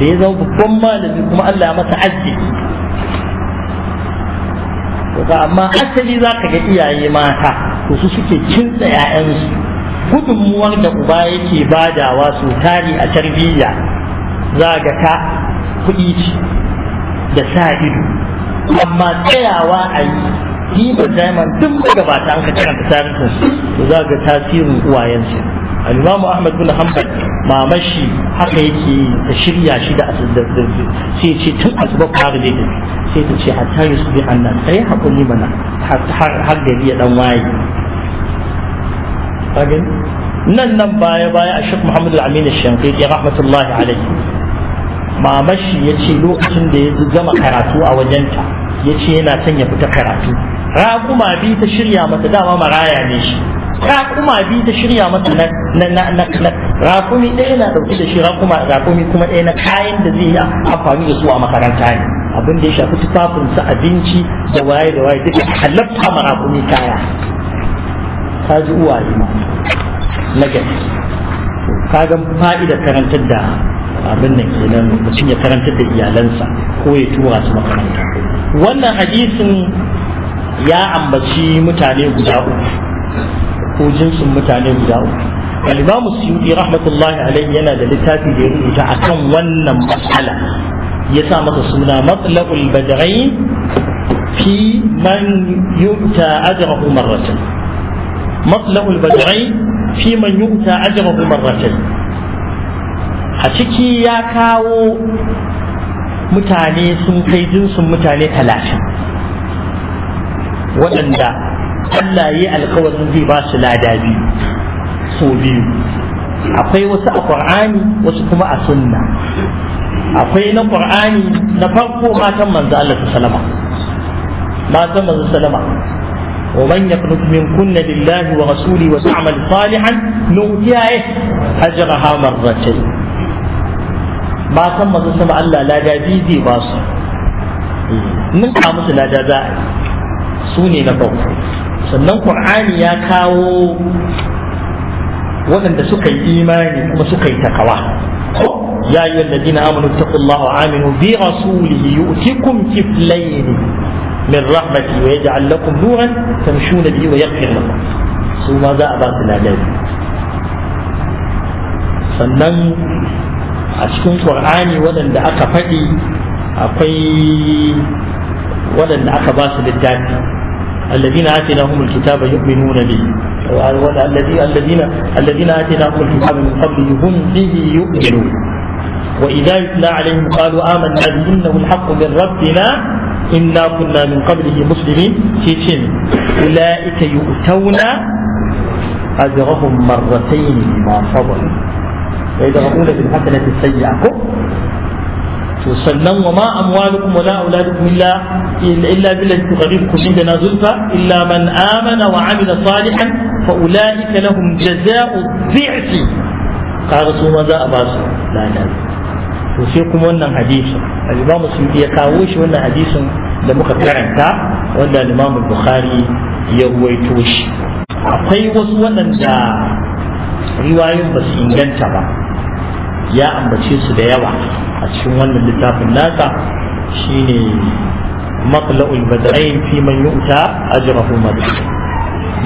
da ya zama babban malami kuma Allah ya masa arziki to amma asali za ka ga iyaye mata to su suke kinsa 'ya'yansu gudunmuwar da uba yake badawa su tari a tarbiyya za ga ta kuɗi ce da sa ido amma tsayawa a yi yi ribar diamond duk ta an da karanta tarihin su za ga tasirin uwayensu alimamu ahmad bin hanbal mamashi haka yake ta shirya shi da sai ce tun asuba kwari zai tafi sai ta ce hatta su bi annan sai haƙuri mana har gari ya dan waye nan nan baya baya a shek muhammadu al-amin al-shankiti rahmatullahi alaihi mamashi ya ce lokacin da ya gama karatu a wajenta ya ce yana son ya fita karatu raƙuma bi ta shirya mata dama maraya ne shi raƙuma bi ta shirya mata na na na na raƙumi ɗaya na ɗauki da shi raƙuma raƙumi kuma ɗaya na kayan da zai yi amfani da su a makaranta ne abin da ya shafi tufafinsa abinci da waye da waye duka halatta ma raƙumi kaya ta ji uwaye ma na gaske kaga fa'idar karantar da abin nan kenan mutum ya karanta da iyalansa ko ya tura su makaranta wannan hadisin ya ambaci mutane guda uku ko jinsin mutane guda uku al-imamu suyuti rahmatullahi alaihi yana da littafi da ya rubuta akan wannan matsala ya sa masa suna matlaqul badrai fi man yu'ta ajrahu marratayn matlaqul badrai fi man yu'ta ajrahu marratayn a ciki ya kawo mutane sun kai jinsin mutane talatin waɗanda Allah ya alkawarin zai ba su lada biyu so biyu akwai wasu a ƙwar'ani wasu kuma a sunna akwai na ƙwar'ani na farko matan manzo Allah ta salama matan manzo salama ومن يقنط منكن لله ورسوله وتعمل صالحا نؤتيه اجرها مرتين matan masu sama Allah lada biyu zai ba su mun ka musu lada za a su ne na farko sannan qur'ani ya kawo waɗanda suka yi imani kuma suka yi takawa يا أيها الذين آمنوا اتقوا الله وآمنوا برسوله يؤتكم كفلين من رحمته ويجعل لكم نورا تمشون به ويغفر لكم ثم ذا أبا سنادين sannan a cikin qur'ani waɗanda aka faɗi akwai waɗanda aka ba su littafi الذين آتيناهم الكتاب يؤمنون به والذين الذين آتيناهم الكتاب من قبله هم به يؤمنون وإذا يتلى عليهم قالوا آمنا به إنه الحق من ربنا إنا كنا من قبله مسلمين تيتين أولئك يؤتون أجرهم مرتين بما صبروا ويدرؤون بالحسنة السيئة sannan wa ma amwalukum wa la auladukum illa illa billati wa amila salihan za a ba su lana to sai kuma wannan hadisi al-imam Muslim ya kawo shi wannan hadisin da muka karanta wanda al-imam ya ruwaito shi akwai wasu waɗanda riwayoyin ba inganta ba ya ambace su da yawa a cikin wannan littafin nasa shine maqla'ul bad'ain fi man yu'ta ajrahu mad'un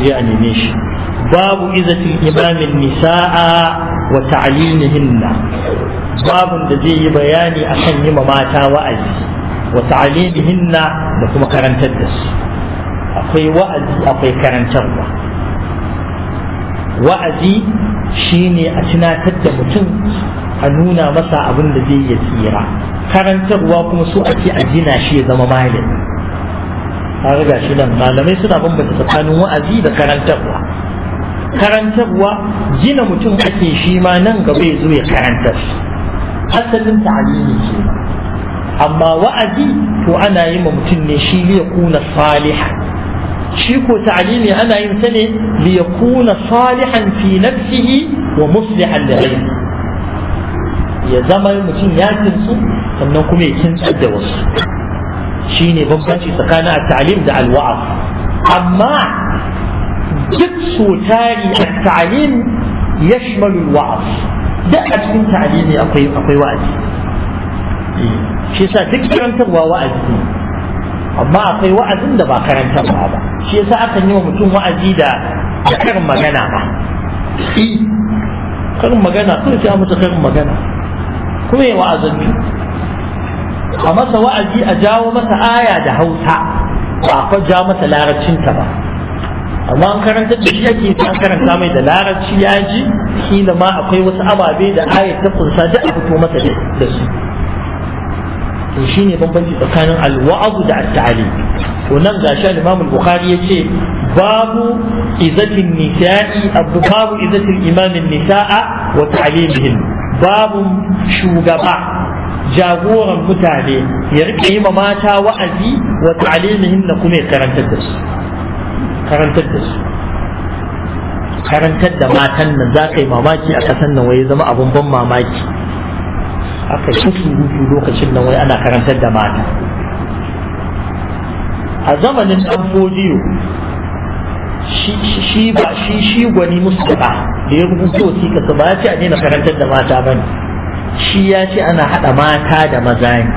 ya neme shi babu izatil imamin nisaa wa ta'limihinna babu da zai yi bayani akan yi mata wa'azi wa ta'limihinna da kuma karantar da su akwai wa'azi akwai karantarwa wa'azi shine a tunatar da mutum a nuna masa abin da zai iya tsira karantarwa kuma so ake a gina shi ya zama malin ta riga shi nan malamai suna bambanta tsakanin wa'azi da karantarwa karantarwa gina mutum ake shi ma nan gaba ya zo ya karantar asalin ta'alimi ke amma wa'azi to ana yi ma mutum ne shi ya kuna salihan shi ko ta'alimi ana yin sa ne li yakuna salihan fi nafsihi wa muslihan li ghayrihi ya zama mutum ya kinsu sannan kuma ya kintsar da wasu shine bambanci tsakanin at-ta'lim da al-wa'az amma duk so tari at-ta'lim yashmalu al-wa'az da a cikin ta'limi akwai wa'azi eh, shi yasa duk karantarwa wa'azi ne amma akwai wa'azin da ba karantarwa ba shi yasa akan yi wa mutum wa'azi da karin magana ba eh, karin magana kawai sai a mutu karin magana ko ya wa'azantu a masa wa'azi a jawo masa aya da hausa ba a ja masa larabcinta ba amma an karanta da shi ake an karanta mai da larabci ya ji kila ma akwai wasu ababe da aya ta kunsa da a fito masa da su to shine bambanci tsakanin alwa'azu da at-ta'ali to nan gashi al-Imam al-Bukhari yace babu izatin nisa'i abu babu izatin imamin nisa'a wa ta'limihin babu shugaba jagoran mutane ya rike yi ma mata wa'azi wa ta'alimihin na kuma ya karantar da su karantar da su karantar da matan nan za ka yi mamaki a kasan nan wai zama abun ban mamaki aka yi surutu lokacin nan wai ana karantar da mata a zamanin dan fodiyo shi ba shi shi gwani mustafa da ya rubuta wasiƙa ba ya ce a daina karantar da mata ba ne shi ya ce ana haɗa mata da maza ne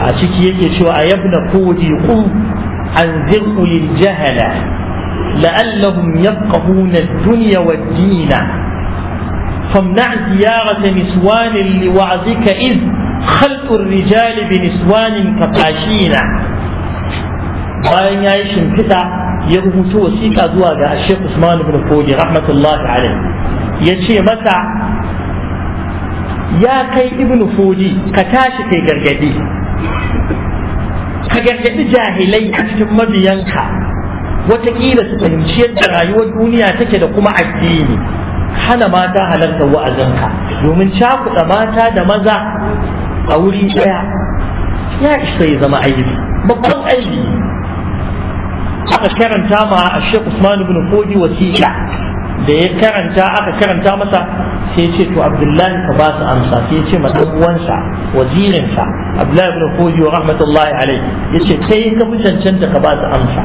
a ciki yake cewa a yabna kodi kun an zirkulil jahala la'allahum yafqahuna ad-dunya wad-din famna' ziyarata niswanin liwa'zika iz خلق الرجال بنسوان كفاشينا bayan ya yi shimfiɗa ya rubuta wasiƙa zuwa ga Sheikh Usman ibn Fodi rahmatullahi alaihi ya ce masa ya kai ibn Fodi ka tashi kai gargadi ka gargadi jahilai a cikin mabiyanka watakila su fahimci yadda rayuwar duniya take da kuma addini hana mata halarta wa'azinka domin cakuɗa mata da maza a wuri ɗaya ya isa ya zama aibi babban aibi aka karanta ma a Sheikh Usman ibn Kodi wasiƙa da ya karanta aka karanta masa sai ce to Abdullahi ka ba su amsa sai ya ce ma dan uwansa wazirin sa, Abdullahi ibn Kodi wa rahmatullahi alaihi yace kai ka fi cancanta ka ba su amsa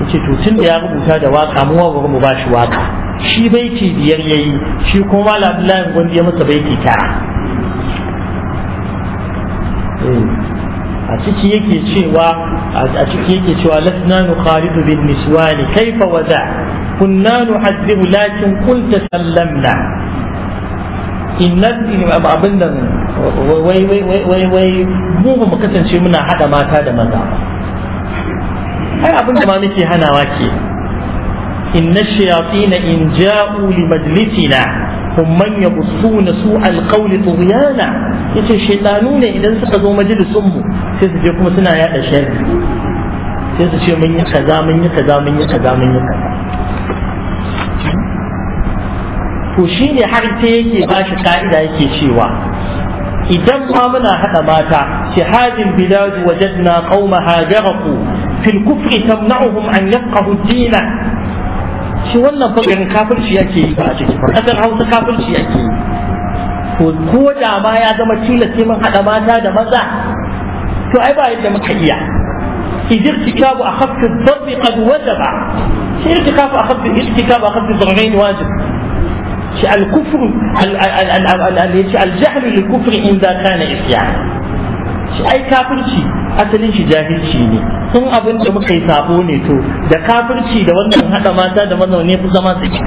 yace to tun da ya rubuta da waka mu wa mu ba shi waka shi baiti biyar yayi shi kuma Malam Abdullahi gondi ya masa baiti tara eh. a ciki yake cewa a ciki yake cewa lasna Khalidu bin niswani kaifa wada kunna nuhaddibu lakin kunta sallamna innan abin da wai wai wai wai wai mu ba mu kasance muna hada mata da maza ai abin da ma muke hanawa ke inna shayatin in ja'u li majlisina hum man yabussuna su'al qawli tughyana yace shaytanu ne idan suka zo majalisun mu sai su je kuma suna yada sharri sai su ce mun yi kaza mun yi kaza mun yi kaza mun yi kaza to shine har ta yake ba shi ka'ida yake cewa idan ma muna haɗa mata shahadin bilad wajadna qauma hajaraku fil kufri tamna'uhum an yafqahu ad shi wannan fagarin kafirci yake yi ba a ciki ƙasar hausa kafirci yake yi ko da ma ya zama tilas sai mun haɗa mata da maza to ai ba yadda muka iya irtikabu a haƙƙin zarbi qad wajaba shi irtikabu a haƙƙin irtikabu a haƙƙin zarrain wajib shi al-kufru al-jahl lil-kufri in da kana isyan shi ai kafirci asalin shi jahilci ne sun abin da muka yi sabo ne to da kafirci da wannan haɗa mata da mazaune fi zama tsaki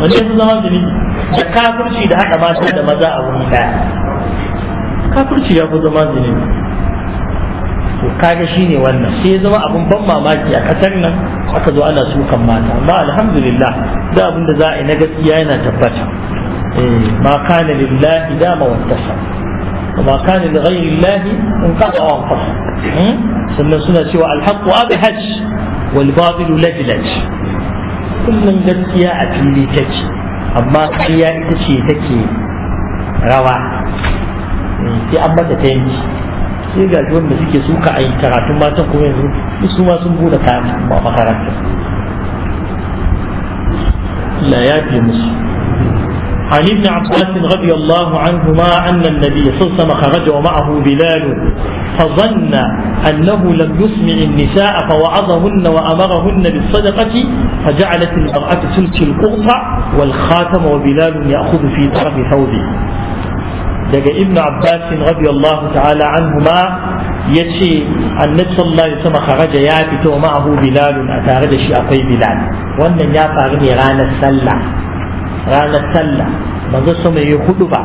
wanne su zama zuni da kafirci da hada mata da maza a wani daya kafirci ya fi zama su ne. to kaga shine wannan sai ya zama abin ban mamaki a ƙasar nan aka zo ana sukan mata amma alhamdulillah da abin da za a yi na gaskiya yana tabbata eh, ma kana lillahi dama wattasa وما da لغير الله انقطع وانقطع sannan suna cewa alhaku abhaj wal batil lajlaj kullun gaskiya a fili take amma kariya ita ce take rawa sai an mata ta yanki sai ga wanda suke suka a yi karatun mata ko yanzu su ma sun bude kayan makaranta Allah ya fi musu عن ابن عباس رضي الله عنهما أن النبي صلى الله عليه وسلم خرج ومعه بلال فظن أنه لم يسمع النساء فوعظهن وأمرهن بالصدقة فجعلت المرأة تلقي القرطع والخاتم وبلال يأخذ في طرف ثوبه daga ibn abbas radiyallahu ta'ala anhuma yace annabi sallallahu alaihi wasallam kharaja ya fito ma'ahu bilal a tare da shi akwai bilal wannan ya faru ne ranar sallah ranar sallah manzo sama yi hudu ba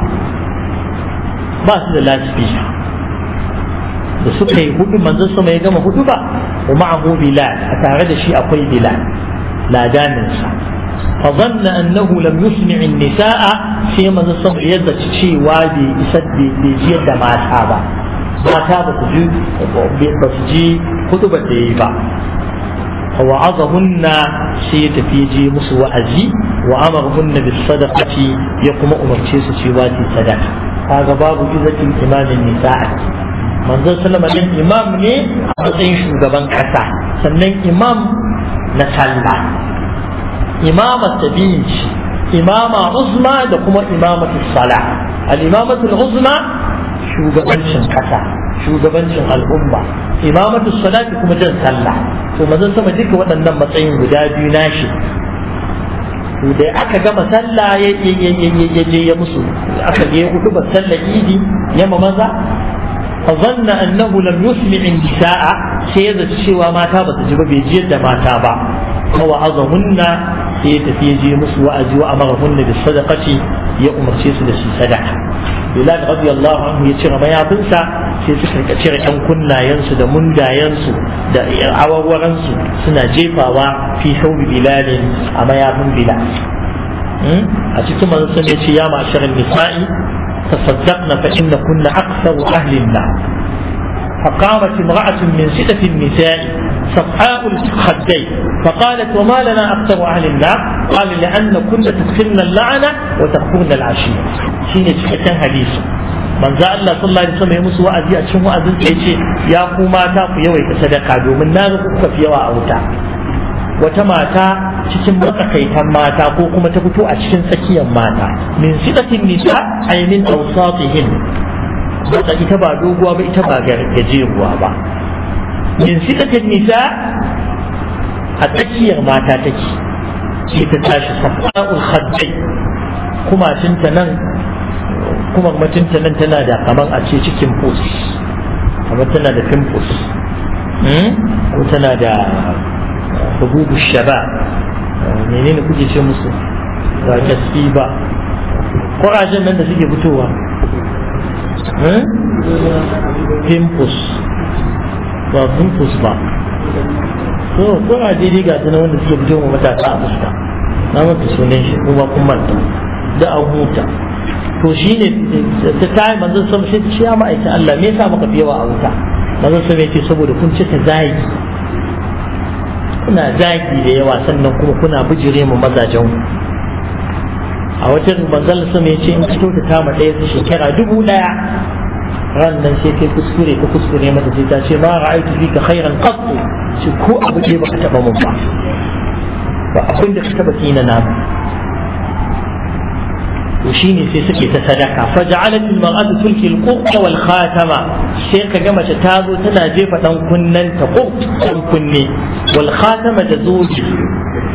ba su da lasfisha da suka yi hudu manzo sama ya gama hudu ba wa ma'ahu bilal a tare da shi akwai bilal ladaninsa fa zanna annahu lam yusmi' an-nisaa sai manzo sama ya zaci cewa bai isa bai ji yadda mata ba mata ba su ji ba su ji hudu ba da yi ba fa wa'azahunna sai tafi ji musu wa'azi wa amarhunna bis sadaqati ya kuma umarce su cewa su sadaka kaga babu izatin imamin nisa'a manzon sallama din imam ne a matsayin shugaban kasa sannan imam na sallah imama tabi'in imama uzma da kuma imamatu sala al-imamatu uzma shugabancin kasa shugabancin al'umma imamatu salati kuma jan sallah to manzon sama duka waɗannan matsayin guda biyu nashi da aka gama sallah ya je ya musu aka je hudu ba sallah idi ya ma maza fa zanna annahu lam yusmi' nisaa sai ya zaci cewa mata ba su ji ba bai ji yadda mata ba kawa azahunna sai ya tafi ya je musu wa'azi wa amarahunna bis sadaqati ya umarce su da shi sadaka bilal radiyallahu anhu ya cire mayafinsa sai suka rika cire yan kunnayensu da mundayensu da awarwaransu suna jefawa fi shaubi bilalin a mayafin bila a cikin manzon sun ce ya ma shirin nisa'i ta tasaddaqna fa inna kunna aktharu ahli an-nar فقامت امرأة من ستة النساء صفحاء الخدين فقالت وما لنا أكثر أهل النار قال لأن كنا تدخلن اللعنة وتغفرن العشير شين تحكى حديثه manzo Allah sallallahu alaihi wasallam ya musu wa'azi a cikin wa'azin sa ce ya ku mata ku yawaita sadaka domin na ga kuka fi yawa a wuta wata mata cikin matsakaitan mata ko kuma ta fito a cikin tsakiyar mata min sidatin nisa ay min awsatihin wata ita ba doguwa ba ita ba gajeruwa ba min sidatin nisa a tsakiyar mata take ita ta tashi safa'ul khaddai kumacinta nan mamarmacin ta nan tana da kamar a ce cikin pus kamar tana da pimpus hmm? ko tana da eh, hububu shaba eh, menene kuke ce musu da gaski ba ƙwarashen nan da suke fitowa hmm? pimpus ba pimpus ba so ƙwarashe dai ga tunan wanda suke fitowa matasa a fuska na mafi sunan shi kuma kuma da abuta. to shine ta tayi manzon sama shi ce ya ma'aikin Allah me yasa muka fi yawa a wuta manzon sama yace saboda kun cika zagi kuna zagi da yawa sannan kuma kuna bijire mu mazajen a wajen manzon sama yace in fito ta ma ɗaya shekara dubu ɗaya ran nan sai kai kuskure ka kuskure mata sai ta ce ma ra'aytu fika khairan qattu shi ko abu ne baka taba mun ba ba abin da ka taba kina na وشيني في سكي تسدكا فجعلت المرأة تلك القرط والخاتمة سيكا كما تتابو تنا جيفة كنن تقرط كني والخاتمة تزوجي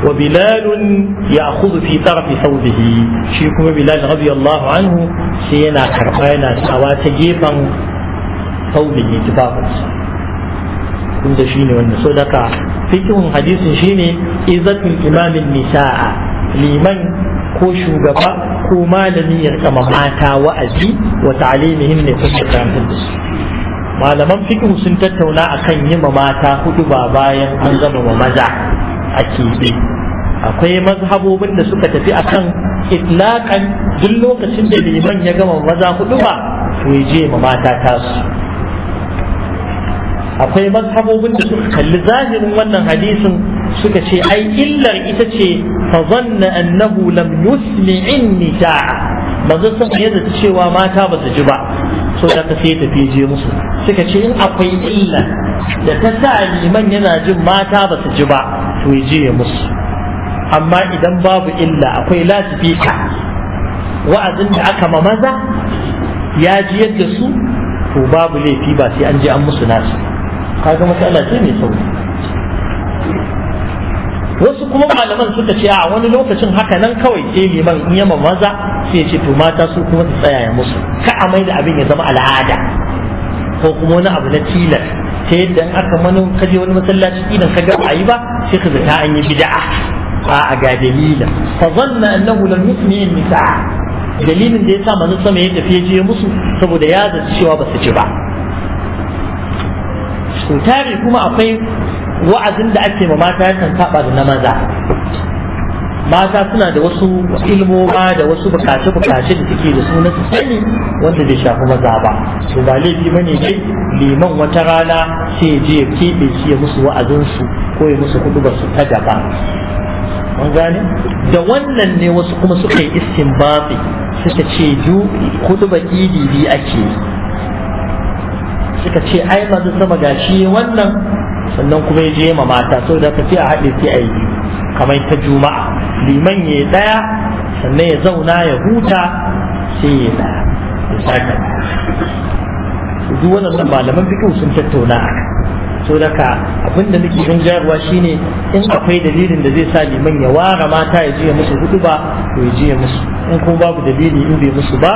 وبلال يأخذ في طرف ثوبه شيكم بلال رضي الله عنه سينا كرقانا سوات جيفا ثوبه تفاقس kun da shine wanda so daga fikihun hadisin shine izatul imamin nisa'a liman ko shugaba su malami ya rika mata wa'azi wa ta'alimihim ne kuma karantar da su malaman fikin sun tattauna akan yi ma mata hudu ba bayan an zama ma maza a kiɗe akwai mazhabobin da suka tafi akan itlaƙan duk lokacin da liman ya gama maza hudu ba to ya je ma mata tasu akwai mazhabobin da suka kalli zahirin wannan hadisin suka ce ai illar ita ce فظن أنه لم يسمع النساء manzon sun iya da cewa mata ba su ji ba so da ka sai tafi je musu suka ce in akwai illa da ta sa liman yana jin mata ba su ji ba to ya je musu amma idan babu illa akwai lasifika wa'azin da aka ma maza ya ji da su to babu laifi ba sai an je an musu nasu kaga matsala ce mai sauki wasu kuma malaman suka ce a wani lokacin haka nan kawai ke liman in yama maza sai ce to mata su kuma su tsaya ya musu ka a mai da abin ya zama al'ada ko kuma wani abu na tilas ta yadda in aka manu kaje wani masallaci idan ka ga ba yi ba sai ka zata an yi bid'a a ga dalilin fa zanna annahu lam yusmi nisa dalilin da yasa manzo sama ya tafi je musu saboda ya zata cewa ba su ci ba tare kuma akwai wa'azin da ake ma mata yakan saba da na maza mata suna da wasu ilmoma da wasu bukace-bukace da suke da suna su sani wanda bai shafi maza ba to ba laifi bane ne liman wata rana sai je ya keɓe shi ya musu wa'azinsu ko ya musu kudu ba su ta ba mun gane da wannan ne wasu kuma suka yi istinbabi suka ce ju kudu ba didi ake suka ce ai mazu sama gashi wannan sannan kuma ya je ma mata so da ka a haɗe sai a yi biyu kamar ta juma'a liman ya ɗaya sannan ya zauna ya huta sai ya ɗaya ya sake duk wannan malaman fikin sun tattauna a so da ka abin da nake rinjayarwa shine in akwai dalilin da zai sa liman ya wara mata ya je musu hudu ba to ya je musu in kuma babu dalili in bai musu ba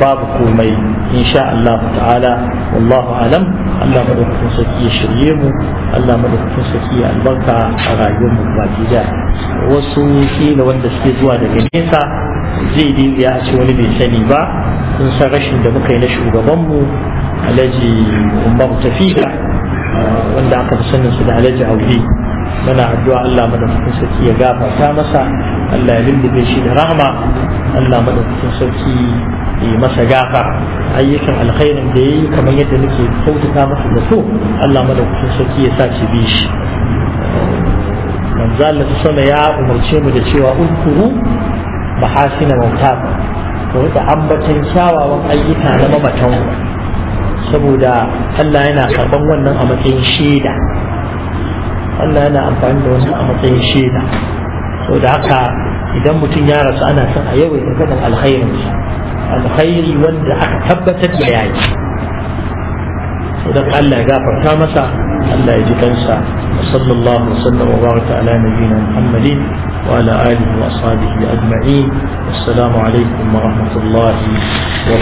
babu komai insha Allah ta'ala wallahu alam Allah madaukakin sarki ya shirye mu Allah madaukakin sarki ya albarka a rayuwar mu ba gida wasu da wanda suke zuwa daga nesa zai dinga ya ce wani bai sani ba sun san rashin da muka yi na shugabanmu alhaji umar tafika wanda aka fi sanin su da alhaji aure. muna addu'a Allah madaukakin sarki ya gafarta masa Allah ya lullube shi da rahama Allah madaukakin sarki yi masa gafa ayyukan alkhairin da yayi kamar yadda nake kautuka masa da so Allah kusan sarki ya sa ci bi shi manzo Allah sama ya umarce mu da cewa ulkuru mahasina ba, ku rika ambatan kyawawan ayyuka na mamatan saboda Allah yana karban wannan a matsayin shaida Allah yana amfani da wannan a matsayin shaida saboda haka idan mutum ya rasu ana son a yawaita faɗin alkhairinsa alkhairi wanda aka tabbatar da yayi idan Allah ya gafarta masa Allah ya ji kansa sallallahu alaihi wasallam wa baraka ala nabiyyina Muhammadin wa ala alihi wa ashabihi ajma'in assalamu alaikum wa rahmatullahi wa